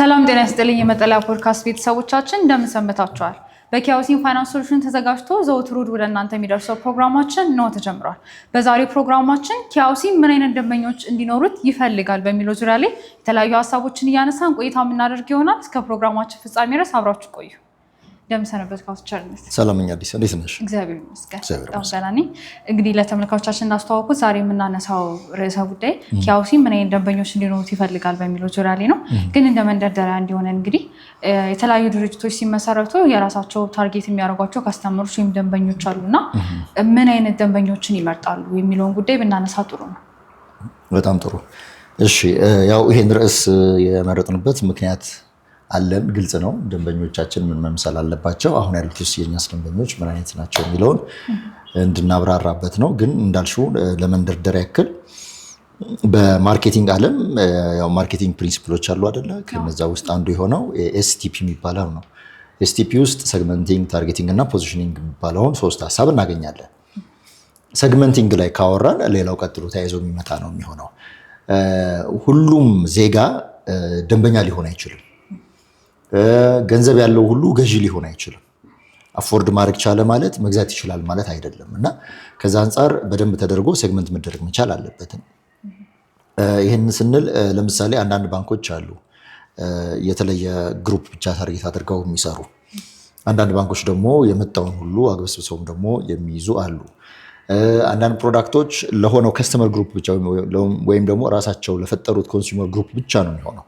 ሰላም ጤና ይስጥልኝ። የመጠለያ ፖድካስት ቤተሰቦቻችን እንደምን ሰንብታችኋል? በኪያውሲንግ ፋይናንስ ሶሉሽን ተዘጋጅቶ ዘወትር እሑድ ወደ እናንተ የሚደርሰው ፕሮግራማችን ነው ተጀምሯል። በዛሬው ፕሮግራማችን ኪያውሲንግ ምን አይነት ደንበኞች እንዲኖሩት ይፈልጋል በሚለው ዙሪያ ላይ የተለያዩ ሀሳቦችን እያነሳን ቆይታ የምናደርግ ይሆናል። እስከ ፕሮግራማችን ፍጻሜ ድረስ አብራችሁ ቆዩ። እንደምሰነበት ካውስቸርነት ሰላምኛ አዲስ እንዴት ነሽ? እግዚአብሔር ይመስገን በጣም ነኝ። እንግዲህ ለተመልካቾቻችን እናስተዋወቁት ዛሬ የምናነሳው ርዕሰ ጉዳይ ኪያውሲ ምን አይነት ደንበኞች እንዲኖሩት ይፈልጋል በሚለው ዙሪያ ላይ ነው። ግን እንደ መንደርደሪያ እንዲሆነ እንግዲህ የተለያዩ ድርጅቶች ሲመሰረቱ የራሳቸው ታርጌት የሚያደርጓቸው ካስተመሮች ወይም ደንበኞች አሉና ምን አይነት ደንበኞችን ይመርጣሉ የሚለውን ጉዳይ ብናነሳ ጥሩ ነው። በጣም ጥሩ። እሺ ያው ይሄን ርዕስ የመረጥንበት ምክንያት አለን። ግልጽ ነው። ደንበኞቻችን ምን መምሰል አለባቸው፣ አሁን ያሉት ውስጥ የኛስ ደንበኞች ምን አይነት ናቸው የሚለውን እንድናብራራበት ነው። ግን እንዳልሽው ለመንደርደር ያክል በማርኬቲንግ ዓለም ማርኬቲንግ ፕሪንሲፕሎች አሉ አደለ? ከነዛ ውስጥ አንዱ የሆነው ኤስቲፒ የሚባለው ነው። ኤስቲፒ ውስጥ ሰግመንቲንግ፣ ታርጌቲንግ እና ፖዚሽኒንግ የሚባለውን ሶስት ሀሳብ እናገኛለን። ሰግመንቲንግ ላይ ካወራን ሌላው ቀጥሎ ተያይዞ የሚመጣ ነው የሚሆነው። ሁሉም ዜጋ ደንበኛ ሊሆን አይችልም። ገንዘብ ያለው ሁሉ ገዢ ሊሆን አይችልም። አፎርድ ማድረግ ቻለ ማለት መግዛት ይችላል ማለት አይደለም እና ከዛ አንጻር በደንብ ተደርጎ ሴግመንት መደረግ መቻል አለበትም። ይህን ስንል ለምሳሌ አንዳንድ ባንኮች አሉ የተለየ ግሩፕ ብቻ ታርጌት አድርገው የሚሰሩ አንዳንድ ባንኮች ደግሞ የመጣውን ሁሉ አግበስብሰውም ደግሞ የሚይዙ አሉ። አንዳንድ ፕሮዳክቶች ለሆነው ከስተመር ግሩፕ ብቻ ወይም ደግሞ ራሳቸው ለፈጠሩት ኮንሱመር ግሩፕ ብቻ ነው የሚሆነው።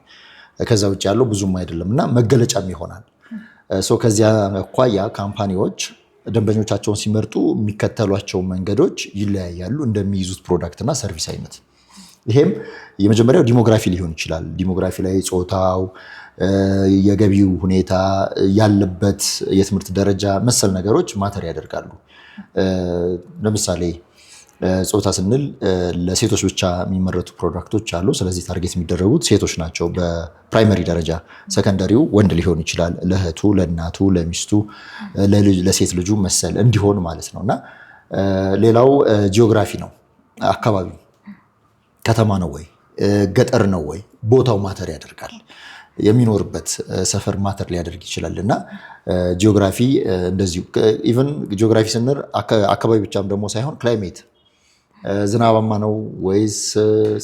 ከዛ ውጭ ያለው ብዙም አይደለም እና መገለጫም ይሆናል። ከዚያ አኳያ ካምፓኒዎች ደንበኞቻቸውን ሲመርጡ የሚከተሏቸው መንገዶች ይለያያሉ፣ እንደሚይዙት እና ሰርቪስ አይነት። ይሄም የመጀመሪያው ዲሞግራፊ ሊሆን ይችላል። ዲሞግራፊ ላይ ጾታው፣ የገቢው ሁኔታ፣ ያለበት የትምህርት ደረጃ መሰል ነገሮች ማተር ያደርጋሉ። ለምሳሌ ጾታ ስንል ለሴቶች ብቻ የሚመረቱ ፕሮዳክቶች አሉ። ስለዚህ ታርጌት የሚደረጉት ሴቶች ናቸው በፕራይመሪ ደረጃ። ሰከንደሪው ወንድ ሊሆን ይችላል፣ ለእህቱ፣ ለእናቱ፣ ለሚስቱ፣ ለሴት ልጁ መሰል እንዲሆን ማለት ነው። እና ሌላው ጂኦግራፊ ነው። አካባቢ ከተማ ነው ወይ ገጠር ነው ወይ ቦታው ማተር ያደርጋል። የሚኖርበት ሰፈር ማተር ሊያደርግ ይችላል እና ጂኦግራፊ እንደዚሁ ኢቨን ጂኦግራፊ ስንል አካባቢ ብቻም ደግሞ ሳይሆን ክላይሜት ዝናባማ ነው ወይስ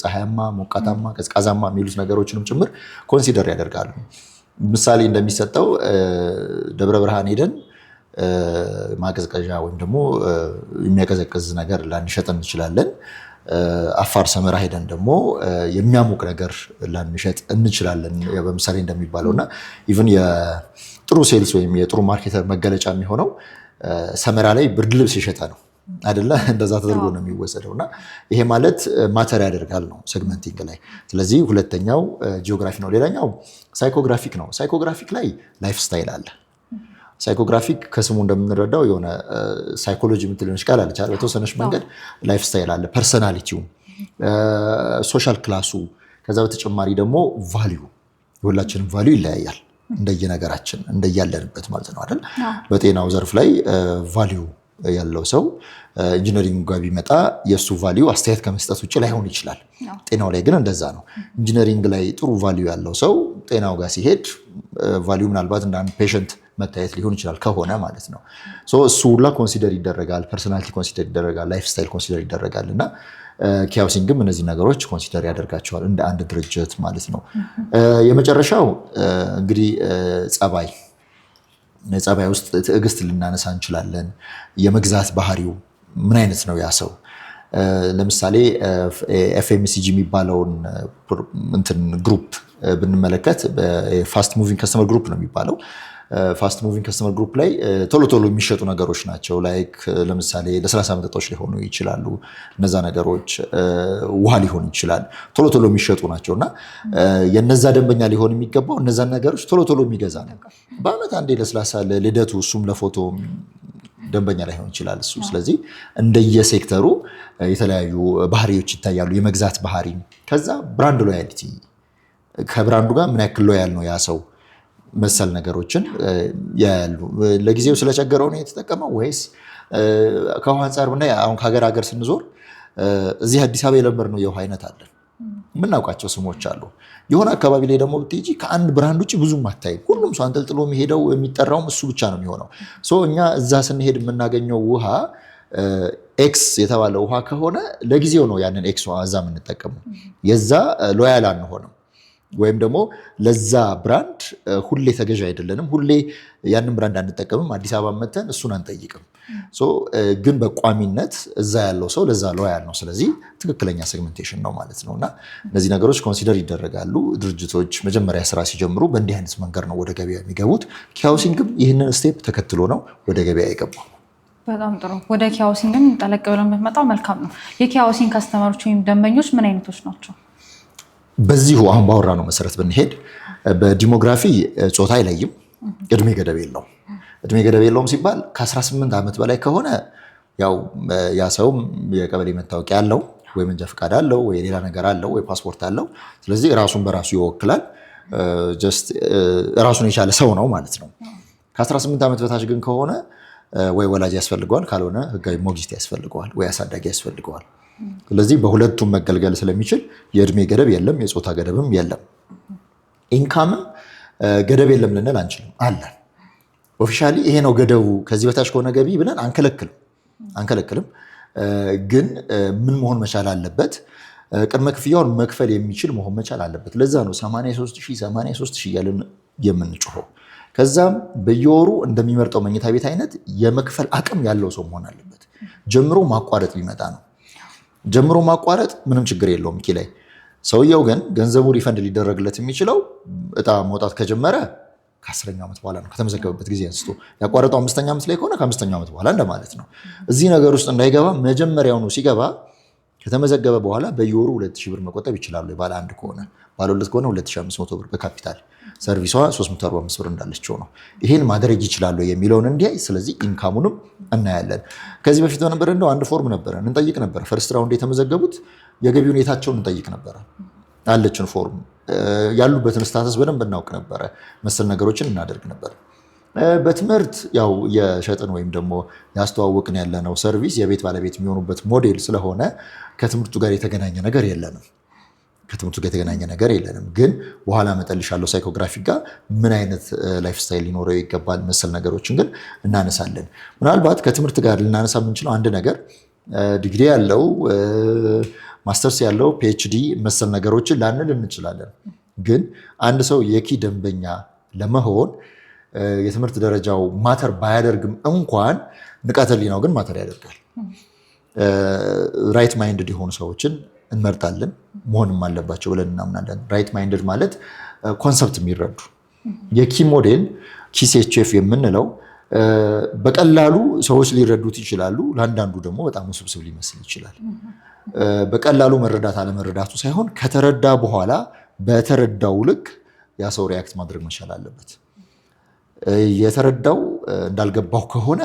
ፀሐያማ፣ ሞቃታማ፣ ቀዝቃዛማ የሚሉት ነገሮችንም ጭምር ኮንሲደር ያደርጋሉ። ምሳሌ እንደሚሰጠው ደብረ ብርሃን ሄደን ማቀዝቀዣ ወይም ደግሞ የሚያቀዘቅዝ ነገር ላንሸጥ እንችላለን። አፋር ሰመራ ሄደን ደግሞ የሚያሞቅ ነገር ላንሸጥ እንችላለን። በምሳሌ እንደሚባለው እና ኢቨን የጥሩ ሴልስ ወይም የጥሩ ማርኬተር መገለጫ የሚሆነው ሰመራ ላይ ብርድ ልብስ የሸጠ ነው። አደለ እንደዛ ተደርጎ ነው የሚወሰደው እና ይሄ ማለት ማተር ያደርጋል ነው ሴግመንቲንግ ላይ። ስለዚህ ሁለተኛው ጂኦግራፊ ነው። ሌላኛው ሳይኮግራፊክ ነው። ሳይኮግራፊክ ላይ ላይፍ ስታይል አለ። ሳይኮግራፊክ ከስሙ እንደምንረዳው የሆነ ሳይኮሎጂ የምትልነች ቃል አለች። በተወሰነች መንገድ ላይፍ ስታይል አለ፣ ፐርሰናሊቲው፣ ሶሻል ክላሱ፣ ከዛ በተጨማሪ ደግሞ ቫሊዩ፣ የሁላችንም ቫሊዩ ይለያያል እንደየነገራችን እንደያለንበት ማለት ነው አይደል? በጤናው ዘርፍ ላይ ቫሊዩ ያለው ሰው ኢንጂነሪንግ ጋር ቢመጣ የእሱ ቫሊዩ አስተያየት ከመስጠት ውጭ ላይሆን ይችላል። ጤናው ላይ ግን እንደዛ ነው። ኢንጂነሪንግ ላይ ጥሩ ቫሊዩ ያለው ሰው ጤናው ጋር ሲሄድ ቫሊዩ ምናልባት እንደ አንድ ፔሸንት መታየት ሊሆን ይችላል ከሆነ ማለት ነው። እሱ ሁላ ኮንሲደር ይደረጋል፣ ፐርሶናሊቲ ኮንሲደር ይደረጋል፣ ላይፍ ስታይል ኮንሲደር ይደረጋል እና ኪያውሲንግም እነዚህ ነገሮች ኮንሲደር ያደርጋቸዋል እንደ አንድ ድርጅት ማለት ነው። የመጨረሻው እንግዲህ ጸባይ ጸባይ ውስጥ ትዕግስት ልናነሳ እንችላለን። የመግዛት ባህሪው ምን አይነት ነው ያ ሰው? ለምሳሌ ኤፍኤምሲጂ የሚባለውን እንትን ግሩፕ ብንመለከት ፋስት ሙቪንግ ከስተመር ግሩፕ ነው የሚባለው ፋስት ሙቪንግ ከስተመር ግሩፕ ላይ ቶሎ ቶሎ የሚሸጡ ነገሮች ናቸው። ላይክ ለምሳሌ ለስላሳ መጠጦች ሊሆኑ ይችላሉ። እነዛ ነገሮች ውሃ ሊሆን ይችላል። ቶሎ ቶሎ የሚሸጡ ናቸው እና የነዛ ደንበኛ ሊሆን የሚገባው እነዛን ነገሮች ቶሎ ቶሎ የሚገዛ ነው። በአመት አንዴ ለስላሳ ለልደቱ፣ እሱም ለፎቶ ደንበኛ ላይሆን ይችላል እሱ። ስለዚህ እንደየሴክተሩ የተለያዩ ባህሪዎች ይታያሉ። የመግዛት ባህሪ፣ ከዛ ብራንድ ሎያሊቲ ከብራንዱ ጋር ምን ያክል ሎያል ነው ያ ሰው መሰል ነገሮችን ያያሉ። ለጊዜው ስለቸገረው ነው የተጠቀመው ወይስ ከውሃ አንጻር ብናይ አሁን ከሀገር ሀገር ስንዞር እዚህ አዲስ አበባ የለመድነው የውሃ አይነት አለን፣ የምናውቃቸው ስሞች አሉ። የሆነ አካባቢ ላይ ደግሞ ብትሄጂ ከአንድ ብራንድ ውጭ ብዙም አታይም። ሁሉም ሰው አንጠልጥሎ የሚሄደው የሚጠራውም እሱ ብቻ ነው የሚሆነው። እኛ እዛ ስንሄድ የምናገኘው ውሃ ኤክስ የተባለ ውሃ ከሆነ ለጊዜው ነው ያንን ኤክስ እዛ የምንጠቀመው፣ የዛ ሎያል አንሆንም። ወይም ደግሞ ለዛ ብራንድ ሁሌ ተገዥ አይደለንም። ሁሌ ያንን ብራንድ አንጠቀምም። አዲስ አበባ መተን እሱን አንጠይቅም። ግን በቋሚነት እዛ ያለው ሰው ለዛ ሎያል ነው። ስለዚህ ትክክለኛ ሴግመንቴሽን ነው ማለት ነው። እና እነዚህ ነገሮች ኮንሲደር ይደረጋሉ። ድርጅቶች መጀመሪያ ስራ ሲጀምሩ በእንዲህ አይነት መንገድ ነው ወደ ገበያ የሚገቡት። ኪያውሲንግም ይህንን ስቴፕ ተከትሎ ነው ወደ ገበያ የገባው። በጣም ጥሩ። ወደ ኪያውሲንግም ጠለቅ ብለን ብንመጣ መልካም ነው። የኪያውሲንግ ከስተመሮች ወይም ደንበኞች ምን አይነቶች ናቸው? በዚሁ አሁን ባወራ ነው መሰረት ብንሄድ በዲሞግራፊ ጾታ አይለይም፣ እድሜ ገደብ የለውም። እድሜ ገደብ የለውም ሲባል ከ18 ዓመት በላይ ከሆነ ያው ያ ሰውም የቀበሌ መታወቂያ አለው ወይ መንጃ ፈቃድ አለው ወይ ሌላ ነገር አለው ወይ ፓስፖርት አለው። ስለዚህ ራሱን በራሱ ይወክላል። ጀስት ራሱን የቻለ ሰው ነው ማለት ነው። ከ18 ዓመት በታች ግን ከሆነ ወይ ወላጅ ያስፈልገዋል፣ ካልሆነ ህጋዊ ሞግዚት ያስፈልገዋል፣ ወይ አሳዳጊ ያስፈልገዋል። ስለዚህ በሁለቱም መገልገል ስለሚችል የእድሜ ገደብ የለም፣ የፆታ ገደብም የለም። ኢንካምም ገደብ የለም ልንል አንችልም፣ አለን። ኦፊሻሊ ይሄ ነው ገደቡ፣ ከዚህ በታች ከሆነ ገቢ ብለን አንከለክልም አንከለክልም። ግን ምን መሆን መቻል አለበት? ቅድመ ክፍያውን መክፈል የሚችል መሆን መቻል አለበት። ለዛ ነው 83 ሺህ 83 ሺህ እያለን የምንጮኸው። ከዛም በየወሩ እንደሚመርጠው መኝታ ቤት አይነት የመክፈል አቅም ያለው ሰው መሆን አለበት። ጀምሮ ማቋረጥ ሊመጣ ነው ጀምሮ ማቋረጥ ምንም ችግር የለውም ኪ ላይ ሰውየው ግን ገንዘቡ ሪፈንድ ሊደረግለት የሚችለው እጣ መውጣት ከጀመረ ከአስረኛ ዓመት በኋላ ነው። ከተመዘገበበት ጊዜ አንስቶ ያቋረጠው አምስተኛ ዓመት ላይ ከሆነ ከአምስተኛ ዓመት በኋላ እንደማለት ነው። እዚህ ነገር ውስጥ እንዳይገባ መጀመሪያውኑ ሲገባ ከተመዘገበ በኋላ በየወሩ 2000 ብር መቆጠብ ይችላሉ። ባለ አንድ ከሆነ ባለ ሁለት ከሆነ 2500 ብር በካፒታል ሰርቪሷ 345 ብር እንዳለችው ነው። ይሄን ማድረግ ይችላሉ የሚለውን እንዲያይ፣ ስለዚህ ኢንካሙንም እናያለን። ከዚህ በፊት በነበረ እንደው አንድ ፎርም ነበረ እንጠይቅ ነበረ። ፈርስት ራውንድ የተመዘገቡት የገቢ ሁኔታቸውን እንጠይቅ ነበረ። አለችን ፎርም ያሉበትን ስታተስ በደንብ እናውቅ ነበረ። መሰል ነገሮችን እናደርግ ነበር። በትምህርት ያው የሸጥን ወይም ደግሞ ያስተዋወቅን ያለነው ሰርቪስ የቤት ባለቤት የሚሆኑበት ሞዴል ስለሆነ ከትምህርቱ ጋር የተገናኘ ነገር የለንም። ከትምህርቱ ጋር የተገናኘ ነገር የለንም። ግን በኋላ መጠልሻለሁ ሳይኮግራፊ ጋር ምን አይነት ላይፍ ስታይል ሊኖረው ይገባል መሰል ነገሮችን ግን እናነሳለን። ምናልባት ከትምህርት ጋር ልናነሳ የምንችለው አንድ ነገር ዲግሪ ያለው ማስተርስ ያለው ፒኤችዲ መሰል ነገሮችን ላንል እንችላለን። ግን አንድ ሰው የኪ ደንበኛ ለመሆን የትምህርት ደረጃው ማተር ባያደርግም እንኳን ንቃተ ህሊናው ግን ማተር ያደርጋል። ራይት ማይንድድ የሆኑ ሰዎችን እንመርጣለን መሆንም አለባቸው ብለን እናምናለን። ራይት ማይንድድ ማለት ኮንሰፕት የሚረዱ የኪ ሞዴል ኪሴችፍ የምንለው በቀላሉ ሰዎች ሊረዱት ይችላሉ። ለአንዳንዱ ደግሞ በጣም ውስብስብ ሊመስል ይችላል። በቀላሉ መረዳት አለመረዳቱ ሳይሆን ከተረዳ በኋላ በተረዳው ልክ ያ ሰው ሪያክት ማድረግ መቻል አለበት። የተረዳው እንዳልገባው ከሆነ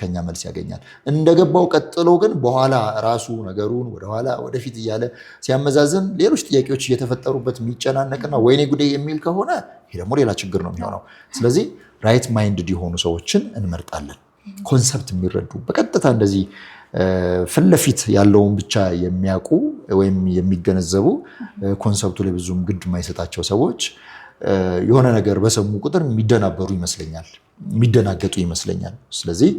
ከኛ መልስ ያገኛል። እንደገባው ቀጥሎ ግን በኋላ ራሱ ነገሩን ወደኋላ ወደፊት እያለ ሲያመዛዝን ሌሎች ጥያቄዎች እየተፈጠሩበት የሚጨናነቅና ወይኔ ጉዴ የሚል ከሆነ ይሄ ደግሞ ሌላ ችግር ነው የሚሆነው። ስለዚህ ራይት ማይንድድ የሆኑ ሰዎችን እንመርጣለን። ኮንሰፕት የሚረዱ በቀጥታ እንደዚህ ፊት ለፊት ያለውን ብቻ የሚያውቁ ወይም የሚገነዘቡ ኮንሰፕቱ ላይ ብዙም ግድ የማይሰጣቸው ሰዎች የሆነ ነገር በሰሙ ቁጥር የሚደናበሩ ይመስለኛል፣ የሚደናገጡ ይመስለኛል። ስለዚህ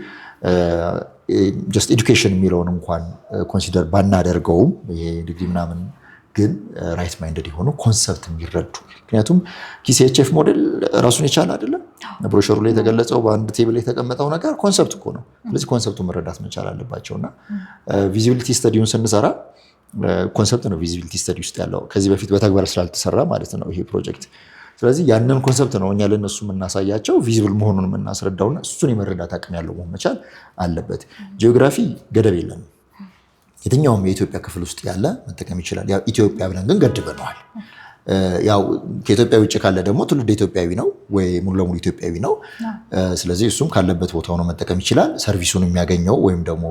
ጀስት ኤዱኬሽን የሚለውን እንኳን ኮንሲደር ባናደርገውም ይሄ ዲግሪ ምናምን ግን ራይት ማይንደድ የሆኑ ኮንሰፕት የሚረዱ ምክንያቱም ኪሲኤችኤፍ ሞዴል ራሱን የቻለ አይደለም። ብሮሸሩ ላይ የተገለጸው በአንድ ቴብል የተቀመጠው ነገር ኮንሰፕት እኮ ነው። ስለዚህ ኮንሰፕቱ መረዳት መቻል አለባቸው እና ቪዚቢሊቲ ስተዲውን ስንሰራ ኮንሰፕት ነው ቪዚቢሊቲ ስተዲ ውስጥ ያለው ከዚህ በፊት በተግባር ስላልተሰራ ማለት ነው ይሄ ፕሮጀክት ስለዚህ ያንን ኮንሰፕት ነው እኛ ለነሱ የምናሳያቸው ቪዚብል መሆኑን የምናስረዳውና እሱን የመረዳት አቅም ያለው መሆን መቻል አለበት። ጂኦግራፊ ገደብ የለም። የትኛውም የኢትዮጵያ ክፍል ውስጥ ያለ መጠቀም ይችላል። ያው ኢትዮጵያ ብለን ግን ገድበነዋል። ያው ከኢትዮጵያ ውጭ ካለ ደግሞ ትውልድ ኢትዮጵያዊ ነው ወይ ሙሉ ለሙሉ ኢትዮጵያዊ ነው። ስለዚህ እሱም ካለበት ቦታ ሆኖ መጠቀም ይችላል። ሰርቪሱን የሚያገኘው ወይም ደግሞ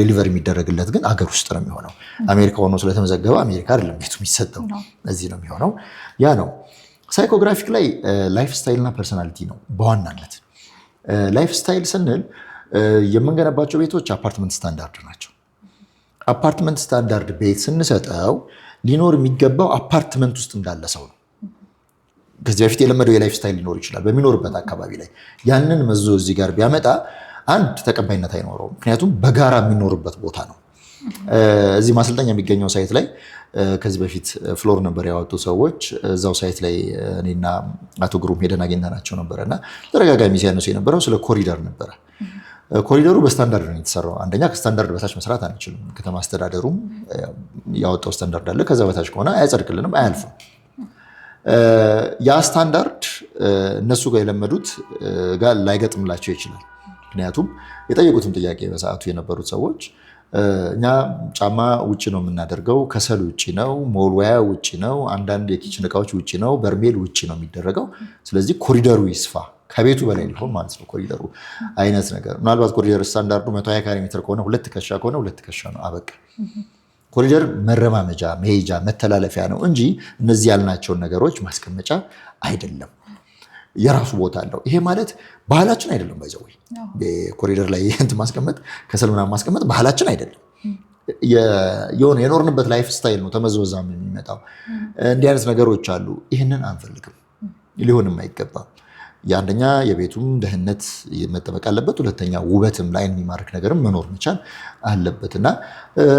ዴሊቨር የሚደረግለት ግን አገር ውስጥ ነው የሚሆነው። አሜሪካ ሆኖ ስለተመዘገበ አሜሪካ አይደለም ቤቱ የሚሰጠው እዚህ ነው የሚሆነው። ያ ነው ሳይኮግራፊክ ላይ ላይፍ ስታይል እና ፐርሶናሊቲ ነው በዋናነት። ላይፍ ስታይል ስንል የምንገነባቸው ቤቶች አፓርትመንት ስታንዳርድ ናቸው። አፓርትመንት ስታንዳርድ ቤት ስንሰጠው ሊኖር የሚገባው አፓርትመንት ውስጥ እንዳለ ሰው ነው። ከዚህ በፊት የለመደው የላይፍ ስታይል ሊኖር ይችላል በሚኖርበት አካባቢ ላይ። ያንን መዞ እዚህ ጋር ቢያመጣ አንድ ተቀባይነት አይኖረውም። ምክንያቱም በጋራ የሚኖርበት ቦታ ነው። እዚህ ማሰልጠኛ የሚገኘው ሳይት ላይ ከዚህ በፊት ፍሎር ነበር ያወጡ ሰዎች እዛው ሳይት ላይ እኔና አቶ ግሩም ሄደን አግኝተናቸው ነበረ እና ተደጋጋሚ ሲያነሱ የነበረው ስለ ኮሪደር ነበረ። ኮሪደሩ በስታንዳርድ ነው የተሰራው። አንደኛ ከስታንዳርድ በታች መስራት አንችልም። ከተማ አስተዳደሩም ያወጣው ስታንዳርድ አለ። ከዛ በታች ከሆነ አያጸድቅልንም፣ አያልፍም። ያ ስታንዳርድ እነሱ ጋር የለመዱት ጋር ላይገጥምላቸው ይችላል። ምክንያቱም የጠየቁትም ጥያቄ በሰዓቱ የነበሩት ሰዎች እኛ ጫማ ውጭ ነው የምናደርገው። ከሰል ውጭ ነው፣ ሞልዋያ ውጭ ነው፣ አንዳንድ የኪችን እቃዎች ውጭ ነው፣ በርሜል ውጭ ነው የሚደረገው። ስለዚህ ኮሪደሩ ይስፋ ከቤቱ በላይ ሊሆን ማለት ነው። ኮሪደሩ አይነት ነገር ምናልባት ኮሪደር ስታንዳርዱ 120 ካሬ ሜትር ከሆነ ሁለት ከሻ ከሆነ ሁለት ከሻ ነው አበቃ። ኮሪደር መረማመጃ፣ መሄጃ፣ መተላለፊያ ነው እንጂ እነዚህ ያልናቸውን ነገሮች ማስቀመጫ አይደለም። የራሱ ቦታ አለው። ይሄ ማለት ባህላችን አይደለም። ባይዘው ኮሪደር ላይ እንትን ማስቀመጥ ከሰል ምናምን ማስቀመጥ ባህላችን አይደለም። የሆነ የኖርንበት ላይፍ ስታይል ነው ተመዝበዛ የሚመጣው እንዲህ አይነት ነገሮች አሉ። ይህንን አንፈልግም፣ ሊሆንም አይገባም። የአንደኛ የቤቱም ደህንነት መጠበቅ አለበት። ሁለተኛ ውበትም ላይ የሚማርክ ነገርም መኖር መቻል አለበት እና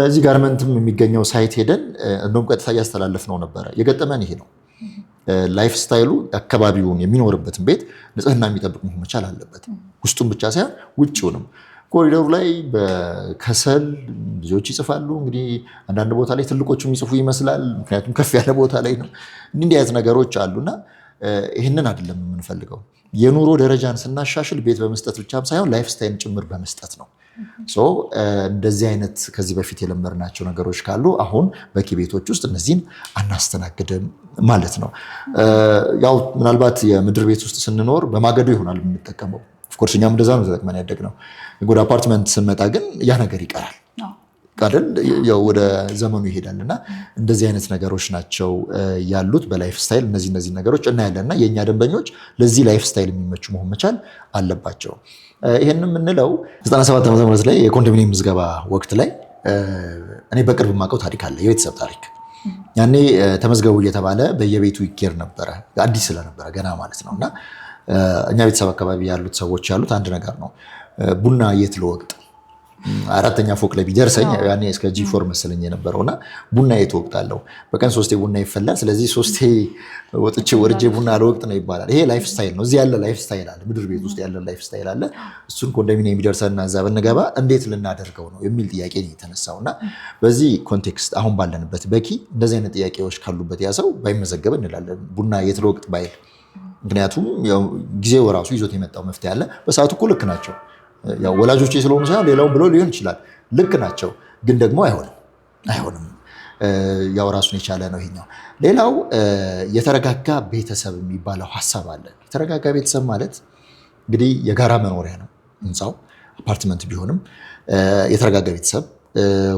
እዚህ ጋርመንትም የሚገኘው ሳይት ሄደን እንደውም ቀጥታ እያስተላለፍ ነው ነበረ የገጠመን ይሄ ነው ላይፍ ስታይሉ አካባቢውን የሚኖርበትን ቤት ንጽህና የሚጠብቅ መሆን መቻል አለበት። ውስጡም ብቻ ሳይሆን ውጭውንም። ኮሪደሩ ላይ በከሰል ልጆች ይጽፋሉ። እንግዲህ አንዳንድ ቦታ ላይ ትልቆቹ የሚጽፉ ይመስላል፣ ምክንያቱም ከፍ ያለ ቦታ ላይ ነው። እንዲህ አይነት ነገሮች አሉና ይህንን አይደለም የምንፈልገው። የኑሮ ደረጃን ስናሻሽል ቤት በመስጠት ብቻም ሳይሆን ላይፍ ስታይል ጭምር በመስጠት ነው። እንደዚህ አይነት ከዚህ በፊት የለመድናቸው ነገሮች ካሉ አሁን በኪ ቤቶች ውስጥ እነዚህን አናስተናግድም ማለት ነው። ያው ምናልባት የምድር ቤት ውስጥ ስንኖር በማገዶ ይሆናል የምንጠቀመው። ኦፍኮርስ እኛም እንደዛ ነው ተጠቅመን ያደግነው። ወደ አፓርትመንት ስንመጣ ግን ያ ነገር ይቀራል። አይደል ያው ወደ ዘመኑ ይሄዳል እና እንደዚህ አይነት ነገሮች ናቸው ያሉት በላይፍ ስታይል እነዚህ እነዚህ ነገሮች እናያለን እና የእኛ ደንበኞች ለዚህ ላይፍ ስታይል የሚመቹ መሆን መቻል አለባቸው። ይህን የምንለው 97 ዓመተ ምህረት ላይ የኮንዶሚኒየም ምዝገባ ወቅት ላይ እኔ በቅርብ የማውቀው ታሪክ አለ፣ የቤተሰብ ታሪክ ያኔ ተመዝገቡ እየተባለ በየቤቱ ይኬድ ነበረ፣ አዲስ ስለነበረ ገና ማለት ነው እና እኛ ቤተሰብ አካባቢ ያሉት ሰዎች ያሉት አንድ ነገር ነው ቡና የት ልወቅጥ አራተኛ ፎቅ ላይ ቢደርሰኝ ያኔ እስከ ጂ ፎር መሰለኝ የነበረው እና ቡና አለው በቀን ሶስቴ ቡና ይፈላል። ስለዚህ ሶስቴ ወጥቼ ወርጄ ቡና አልወቅጥ ነው ይባላል። ይሄ ላይፍ ስታይል ነው። እዚህ ያለ ላይፍ ስታይል አለ፣ ምድር ቤት ውስጥ ያለ ላይፍ ስታይል አለ። እሱን ኮንዶሚኒየም የሚደርሰንና እዛ ብንገባ እንዴት ልናደርገው ነው የሚል ጥያቄ ነው የተነሳው እና በዚህ ኮንቴክስት አሁን ባለንበት በኪ እንደዚህ አይነት ጥያቄዎች ካሉበት ያ ሰው ባይመዘገብ እንላለን ቡና የት ልወቅጥ ባይል። ምክንያቱም ጊዜው ራሱ ይዞት የመጣው መፍትሄ አለ። በሰዓቱ እኮ ልክ ናቸው። ያው ወላጆቼ ስለሆኑ ሳይሆን ሌላውን ብሎ ሊሆን ይችላል። ልክ ናቸው፣ ግን ደግሞ አይሆንም አይሆንም። ያው ራሱን የቻለ ነው ይሄኛው። ሌላው የተረጋጋ ቤተሰብ የሚባለው ሀሳብ አለ። የተረጋጋ ቤተሰብ ማለት እንግዲህ የጋራ መኖሪያ ነው ህንፃው አፓርትመንት ቢሆንም የተረጋጋ ቤተሰብ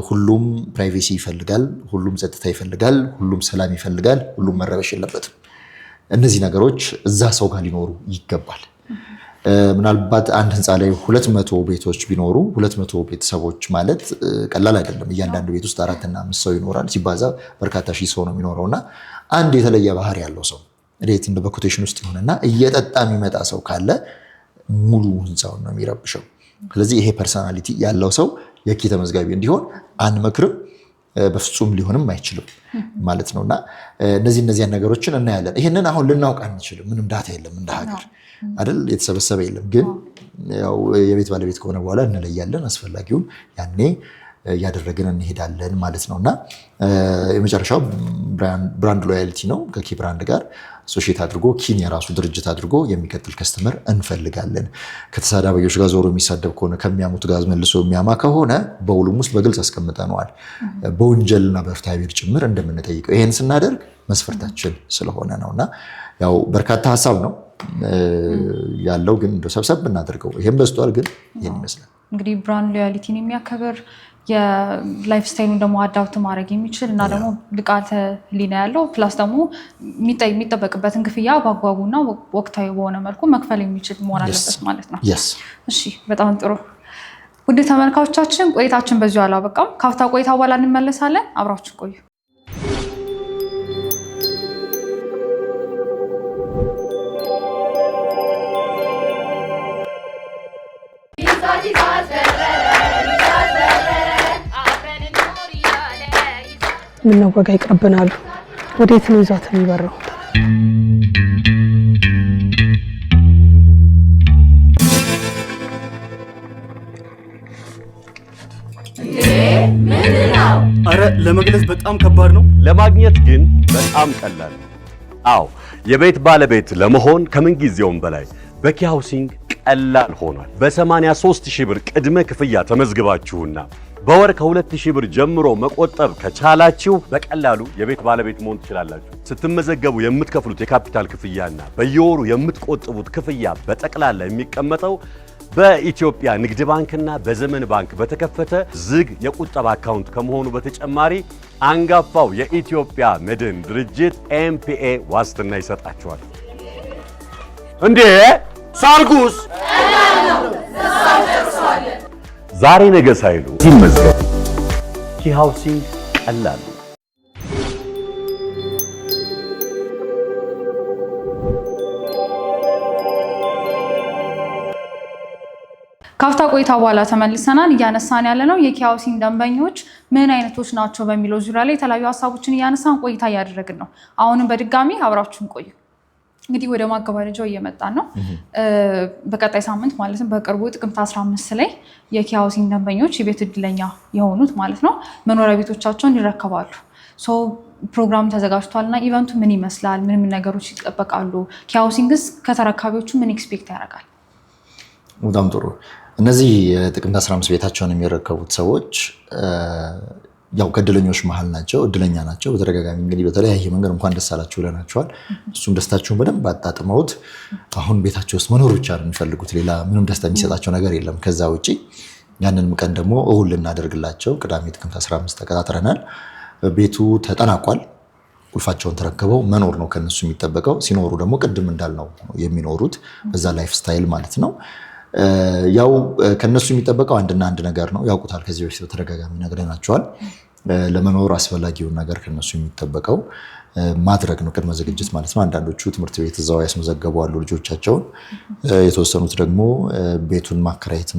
ሁሉም ፕራይቬሲ ይፈልጋል፣ ሁሉም ጸጥታ ይፈልጋል፣ ሁሉም ሰላም ይፈልጋል፣ ሁሉም መረበሽ የለበትም። እነዚህ ነገሮች እዛ ሰው ጋር ሊኖሩ ይገባል። ምናልባት አንድ ህንፃ ላይ ሁለት መቶ ቤቶች ቢኖሩ ሁለት መቶ ቤተሰቦች ማለት ቀላል አይደለም። እያንዳንዱ ቤት ውስጥ አራትና አምስት ሰው ይኖራል። ሲባዛ በርካታ ሺህ ሰው ነው የሚኖረው እና አንድ የተለየ ባህሪ ያለው ሰው እንዴት እንደ በኮቴሽን ውስጥ ይሆንና እየጠጣ የሚመጣ ሰው ካለ ሙሉ ህንፃውን ነው የሚረብሸው። ስለዚህ ይሄ ፐርሶናሊቲ ያለው ሰው የኪ ተመዝጋቢ እንዲሆን አንመክርም። በፍጹም ሊሆንም አይችልም ማለት ነውና እነዚህ እነዚያን ነገሮችን እናያለን። ይህንን አሁን ልናውቅ አንችልም፣ ምንም ዳታ የለም እንደ ሀገር አይደል? የተሰበሰበ የለም። ግን ያው የቤት ባለቤት ከሆነ በኋላ እንለያለን። አስፈላጊውም ያኔ እያደረግን እንሄዳለን ማለት ነው። እና የመጨረሻው ብራንድ ሎያልቲ ነው። ከኪ ብራንድ ጋር አሶሺየት አድርጎ ኪን የራሱ ድርጅት አድርጎ የሚቀጥል ከስተመር እንፈልጋለን። ከተሳዳቢዎች ጋር ዞሮ የሚሳደብ ከሆነ ከሚያሙት ጋር መልሶ የሚያማ ከሆነ በውሉም ውስጥ በግልጽ አስቀምጠነዋል። በወንጀልና በፍትሐ ጭምር እንደምንጠይቀው ይሄን ስናደርግ መስፈርታችን ስለሆነ ነው እና ያው በርካታ ሀሳብ ነው ያለው ግን እንደ ሰብሰብ ብናደርገው ይህም በዝቷል፣ ግን ይህን ይመስላል እንግዲህ ብራንድ ሎያሊቲን የሚያከብር የላይፍ ስታይሉን ደግሞ አዳብት ማድረግ የሚችል እና ደግሞ ብቃተ ሊና ያለው ፕላስ ደግሞ የሚጠበቅበትን ክፍያ በአግባቡና ወቅታዊ በሆነ መልኩ መክፈል የሚችል መሆን አለበት ማለት ነው። እሺ፣ በጣም ጥሩ። ውድ ተመልካቾቻችን ቆይታችን በዚሁ አላበቃም። ካፍታ ቆይታ በኋላ እንመለሳለን። አብራችን ቆዩ። ምነው ወጋ ይቅርብናሉ። ወዴት ነው ይዟት የሚበረው? አረ ለመግለጽ በጣም ከባድ ነው፣ ለማግኘት ግን በጣም ቀላል። አዎ የቤት ባለቤት ለመሆን ከምን ጊዜውም በላይ በኪ ሃውሲንግ ቀላል ሆኗል። በ83 ሺህ ብር ቅድመ ክፍያ ተመዝግባችሁና በወር ከ2000 ብር ጀምሮ መቆጠብ ከቻላችሁ በቀላሉ የቤት ባለቤት መሆን ትችላላችሁ። ስትመዘገቡ የምትከፍሉት የካፒታል ክፍያና በየወሩ የምትቆጥቡት ክፍያ በጠቅላላ የሚቀመጠው በኢትዮጵያ ንግድ ባንክና በዘመን ባንክ በተከፈተ ዝግ የቁጠባ አካውንት ከመሆኑ በተጨማሪ አንጋፋው የኢትዮጵያ መድን ድርጅት ኤምፒኤ ዋስትና ይሰጣችኋል። እንዴ ሳርጉስ! ዛሬ ነገ ሳይሉ ይመዝገቡ። ኪ ሃውሲንግ ቀላል ካፍታ ቆይታ በኋላ ተመልሰናል። እያነሳን ያለ ነው የኪ ሃውሲንግ ደንበኞች ምን አይነቶች ናቸው በሚለው ዙሪያ ላይ የተለያዩ ሀሳቦችን እያነሳን ቆይታ እያደረግን ነው። አሁንም በድጋሚ አብራችሁን ቆዩ። እንግዲህ ወደ ማገባደጃው እየመጣን ነው። በቀጣይ ሳምንት ማለትም በቅርቡ ጥቅምት 15 ላይ የኪያ ሃውሲንግ ደንበኞች የቤት እድለኛ የሆኑት ማለት ነው መኖሪያ ቤቶቻቸውን ይረከባሉ። ፕሮግራም ተዘጋጅቷል እና ኢቨንቱ ምን ይመስላል? ምን ምን ነገሮች ይጠበቃሉ? ኪያ ሃውሲንግስ ከተረካቢዎቹ ምን ኤክስፔክት ያደርጋል? በጣም ጥሩ። እነዚህ የጥቅምት 15 ቤታቸውን የሚረከቡት ሰዎች ያው ከእድለኞች መሀል ናቸው፣ እድለኛ ናቸው። በተደጋጋሚ እንግዲህ በተለያየ መንገድ እንኳን ደስ አላችሁ ብለናቸዋል። እሱም ደስታችሁን በደንብ አጣጥመውት አሁን ቤታቸው ውስጥ መኖር ብቻ ነው የሚፈልጉት። ሌላ ምንም ደስታ የሚሰጣቸው ነገር የለም ከዛ ውጭ። ያንን ቀን ደግሞ እሁድ ልናደርግላቸው ቅዳሜ ጥቅምት 15 ተቀጣጥረናል። ቤቱ ተጠናቋል። ቁልፋቸውን ተረክበው መኖር ነው ከነሱ የሚጠበቀው። ሲኖሩ ደግሞ ቅድም እንዳልነው የሚኖሩት በዛ ላይፍ ስታይል ማለት ነው። ያው ከነሱ የሚጠበቀው አንድና አንድ ነገር ነው። ያውቁታል። ከዚህ በፊት በተደጋጋሚ ነግረናቸዋል። ለመኖር አስፈላጊውን ነገር ከነሱ የሚጠበቀው ማድረግ ነው። ቅድመ ዝግጅት ማለት ነው። አንዳንዶቹ ትምህርት ቤት እዛው ያስመዘገቡ አሉ ልጆቻቸውን። የተወሰኑት ደግሞ ቤቱን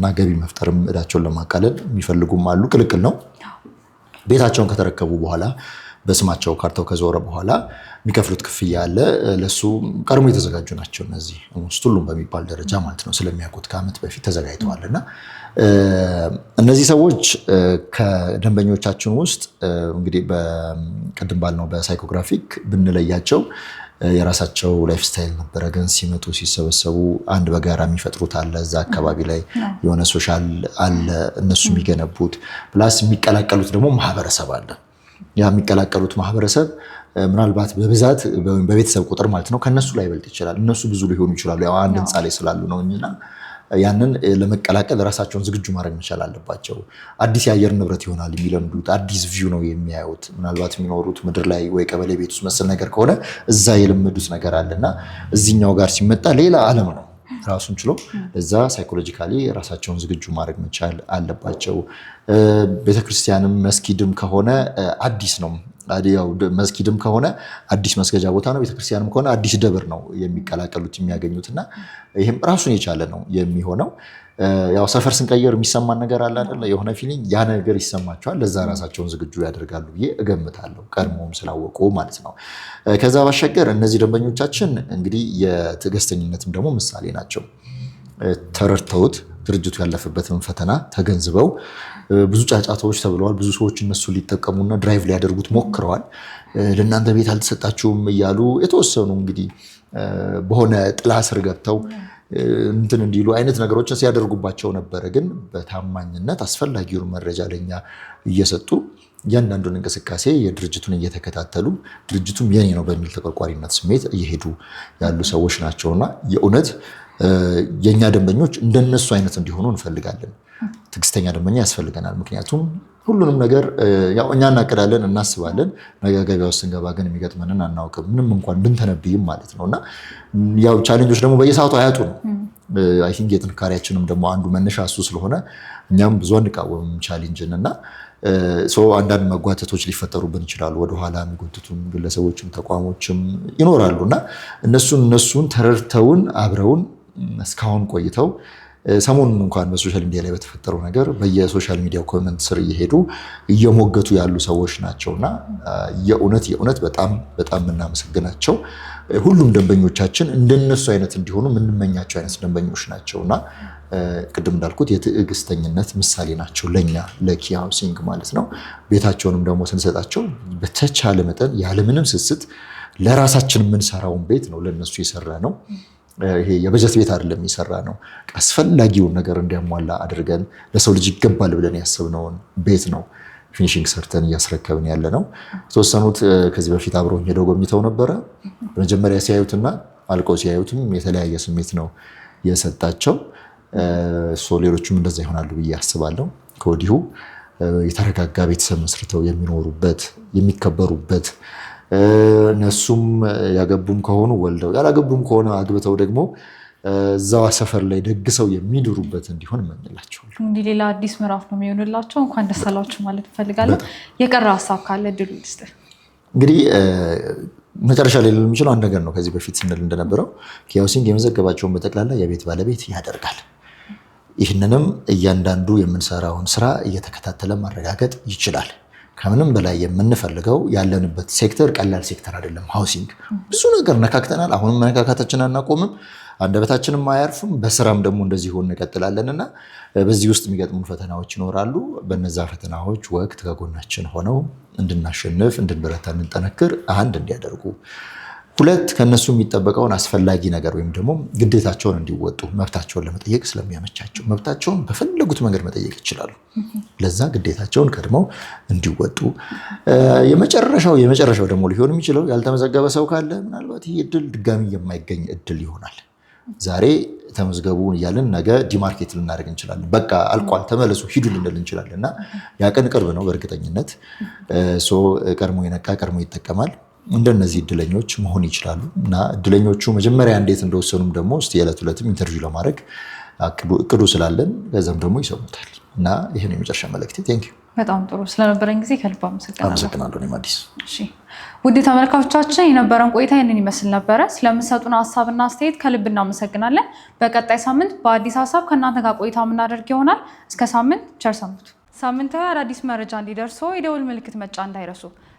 እና ገቢ መፍጠርም እዳቸውን ለማቃለል የሚፈልጉም አሉ። ቅልቅል ነው። ቤታቸውን ከተረከቡ በኋላ በስማቸው ካርታው ከዞረ በኋላ የሚከፍሉት ክፍያ አለ። ለሱ ቀድሞ የተዘጋጁ ናቸው። እነዚህ ውስጥ ሁሉም በሚባል ደረጃ ማለት ነው ስለሚያውቁት ከዓመት በፊት ተዘጋጅተዋል። እና እነዚህ ሰዎች ከደንበኞቻችን ውስጥ እንግዲህ ቅድም ባልነው በሳይኮግራፊክ ብንለያቸው የራሳቸው ላይፍ ስታይል ነበረ። ግን ሲመጡ ሲሰበሰቡ አንድ በጋራ የሚፈጥሩት አለ፣ እዛ አካባቢ ላይ የሆነ ሶሻል አለ እነሱ የሚገነቡት ፕላስ የሚቀላቀሉት ደግሞ ማህበረሰብ አለ። ያ የሚቀላቀሉት ማህበረሰብ ምናልባት በብዛት በቤተሰብ ቁጥር ማለት ነው ከነሱ ላይ ይበልጥ ይችላል። እነሱ ብዙ ሊሆኑ ይችላሉ፣ ያው አንድ ህንፃ ላይ ስላሉ ነው እና ያንን ለመቀላቀል ራሳቸውን ዝግጁ ማድረግ መቻል አለባቸው። አዲስ የአየር ንብረት ይሆናል የሚለምዱት አዲስ ቪው ነው የሚያዩት። ምናልባት የሚኖሩት ምድር ላይ ወይ ቀበሌ ቤት ውስጥ መሰል ነገር ከሆነ እዛ የለመዱት ነገር አለና እዚህኛው ጋር ሲመጣ ሌላ አለም ነው። ራሱን ችሎ እዛ ሳይኮሎጂካሊ ራሳቸውን ዝግጁ ማድረግ መቻል አለባቸው። ቤተክርስቲያንም መስጊድም ከሆነ አዲስ ነው መስኪድም መስጊድም ከሆነ አዲስ መስገጃ ቦታ ነው፣ ቤተክርስቲያንም ከሆነ አዲስ ደብር ነው የሚቀላቀሉት የሚያገኙት እና ይህም ራሱን የቻለ ነው የሚሆነው። ያው ሰፈር ስንቀየር የሚሰማን ነገር አለ አይደለ? የሆነ ፊሊንግ ያ ነገር ይሰማቸዋል። ለዛ ራሳቸውን ዝግጁ ያደርጋሉ ብዬ እገምታለሁ፣ ቀድሞም ስላወቁ ማለት ነው። ከዛ ባሻገር እነዚህ ደንበኞቻችን እንግዲህ የትዕግስተኝነትም ደግሞ ምሳሌ ናቸው። ተረድተውት ድርጅቱ ያለፈበትን ፈተና ተገንዝበው ብዙ ጫጫታዎች ተብለዋል። ብዙ ሰዎች እነሱ ሊጠቀሙና ድራይቭ ሊያደርጉት ሞክረዋል። ለእናንተ ቤት አልተሰጣችሁም እያሉ የተወሰኑ እንግዲህ በሆነ ጥላ ስር ገብተው እንትን እንዲሉ አይነት ነገሮችን ሲያደርጉባቸው ነበረ። ግን በታማኝነት አስፈላጊውን መረጃ ለኛ እየሰጡ እያንዳንዱን እንቅስቃሴ የድርጅቱን እየተከታተሉ ድርጅቱም የኔ ነው በሚል ተቆርቋሪነት ስሜት እየሄዱ ያሉ ሰዎች ናቸውና የእውነት የእኛ ደንበኞች እንደነሱ አይነት እንዲሆኑ እንፈልጋለን። ትዕግስተኛ ደንበኛ ያስፈልገናል። ምክንያቱም ሁሉንም ነገር ያው እኛ እናቅዳለን፣ እናስባለን። ነገ ገበያ ውስጥ ስንገባ ግን የሚገጥመንን አናውቅም፣ ምንም እንኳን ብንተነብይም ማለት ነው። እና ያው ቻሌንጆች ደግሞ በየሰዓቱ አያጡ ነው። አይ ቲንክ የጥንካሬያችንም ደግሞ አንዱ መነሻ እሱ ስለሆነ እኛም ብዙ አንቃወምም ቻሌንጅን እና አንዳንድ መጓተቶች ሊፈጠሩብን ይችላሉ። ወደኋላ የሚጎትቱን ግለሰቦችም ተቋሞችም ይኖራሉ እና እነሱን እነሱን ተረድተውን አብረውን እስካሁን ቆይተው ሰሞኑን እንኳን በሶሻል ሚዲያ ላይ በተፈጠረው ነገር በየሶሻል ሚዲያ ኮመንት ስር እየሄዱ እየሞገቱ ያሉ ሰዎች ናቸውና የእውነት የእውነት በጣም በጣም የምናመሰግናቸው ሁሉም ደንበኞቻችን እንደነሱ አይነት እንዲሆኑ የምንመኛቸው አይነት ደንበኞች እና ቅድም እንዳልኩት የትዕግስተኝነት ምሳሌ ናቸው ለኛ ለኪ ሃውሲንግ ማለት ነው። ቤታቸውንም ደግሞ ስንሰጣቸው በተቻለ መጠን ያለምንም ስስት ለራሳችን የምንሰራውን ቤት ነው ለነሱ የሰራ ነው። ይሄ የበጀት ቤት አይደለም የሚሰራ ነው። አስፈላጊውን ነገር እንዲያሟላ አድርገን ለሰው ልጅ ይገባል ብለን ያስብነውን ቤት ነው ፊኒሽንግ ሰርተን እያስረከብን ያለ ነው። የተወሰኑት ከዚህ በፊት አብረውኝ ሄደው ጎብኝተው ነበረ። በመጀመሪያ ሲያዩትና አልቀው ሲያዩትም የተለያየ ስሜት ነው የሰጣቸው። እሱ ሌሎቹም እንደዛ ይሆናሉ ብዬ አስባለሁ። ከወዲሁ የተረጋጋ ቤተሰብ መስርተው የሚኖሩበት የሚከበሩበት እነሱም ያገቡም ከሆኑ ወልደው ያላገቡም ከሆነ አግብተው ደግሞ እዛዋ ሰፈር ላይ ደግሰው የሚድሩበት እንዲሆን እመኝላቸዋለሁ። ሌላ አዲስ ምዕራፍ ነው የሚሆንላቸው። እንኳን ደስ አላችሁ ማለት እፈልጋለሁ። የቀረ ሀሳብ ካለ ድሉ ልስጥ። እንግዲህ መጨረሻ ላይ ልል የምችለው አንድ ነገር ነው። ከዚህ በፊት ስንል እንደነበረው ኪያውሲንግ የመዘገባቸውን በጠቅላላ የቤት ባለቤት ያደርጋል። ይህንንም እያንዳንዱ የምንሰራውን ስራ እየተከታተለ ማረጋገጥ ይችላል። ከምንም በላይ የምንፈልገው ያለንበት ሴክተር ቀላል ሴክተር አይደለም። ሃውሲንግ ብዙ ነገር ነካክተናል። አሁንም መነካካታችን አናቆምም፣ አንደበታችንም አያርፍም። በስራም ደግሞ እንደዚህ ሆን እንቀጥላለን እና በዚህ ውስጥ የሚገጥሙን ፈተናዎች ይኖራሉ። በነዛ ፈተናዎች ወቅት ከጎናችን ሆነው እንድናሸንፍ፣ እንድንበረታ፣ እንድንጠነክር አንድ እንዲያደርጉ ሁለት ከነሱ የሚጠበቀውን አስፈላጊ ነገር ወይም ደግሞ ግዴታቸውን እንዲወጡ መብታቸውን ለመጠየቅ ስለሚያመቻቸው መብታቸውን በፈለጉት መንገድ መጠየቅ ይችላሉ። ለዛ ግዴታቸውን ቀድመው እንዲወጡ። የመጨረሻው የመጨረሻው ደግሞ ሊሆን የሚችለው ያልተመዘገበ ሰው ካለ ምናልባት ይህ እድል ድጋሚ የማይገኝ እድል ይሆናል። ዛሬ ተመዝገቡ እያልን ነገ ዲማርኬት ልናደርግ እንችላለን። በቃ አልቋል፣ ተመለሱ፣ ሂዱ ልንል እንችላለን እና ያ ቀን ቅርብ ነው በእርግጠኝነት ቀድሞ የነቃ ቀድሞ ይጠቀማል። እንደነዚህ እድለኞች መሆን ይችላሉ እና እድለኞቹ መጀመሪያ እንዴት እንደወሰኑም ደግሞ ስ የዕለት ዕለትም ኢንተርቪው ለማድረግ እቅዱ ስላለን ከዚም ደግሞ ይሰሙታል እና ይህን የመጨረሻ መልእክቴ ቴንክ ዩ። በጣም ጥሩ ስለነበረን ጊዜ ከልብ አመሰግናለሁ። እኔም አዲስ። ውድ ተመልካቾቻችን የነበረን ቆይታ ይህንን ይመስል ነበረ። ስለምሰጡን ሀሳብና አስተያየት ከልብ እናመሰግናለን። በቀጣይ ሳምንት በአዲስ ሀሳብ ከእናንተ ጋር ቆይታ የምናደርግ ይሆናል። እስከ ሳምንት ቸር ሰንብቱ። ሳምንታዊ አዳዲስ መረጃ እንዲደርሶ የደውል ምልክት መጫ እንዳይረሱ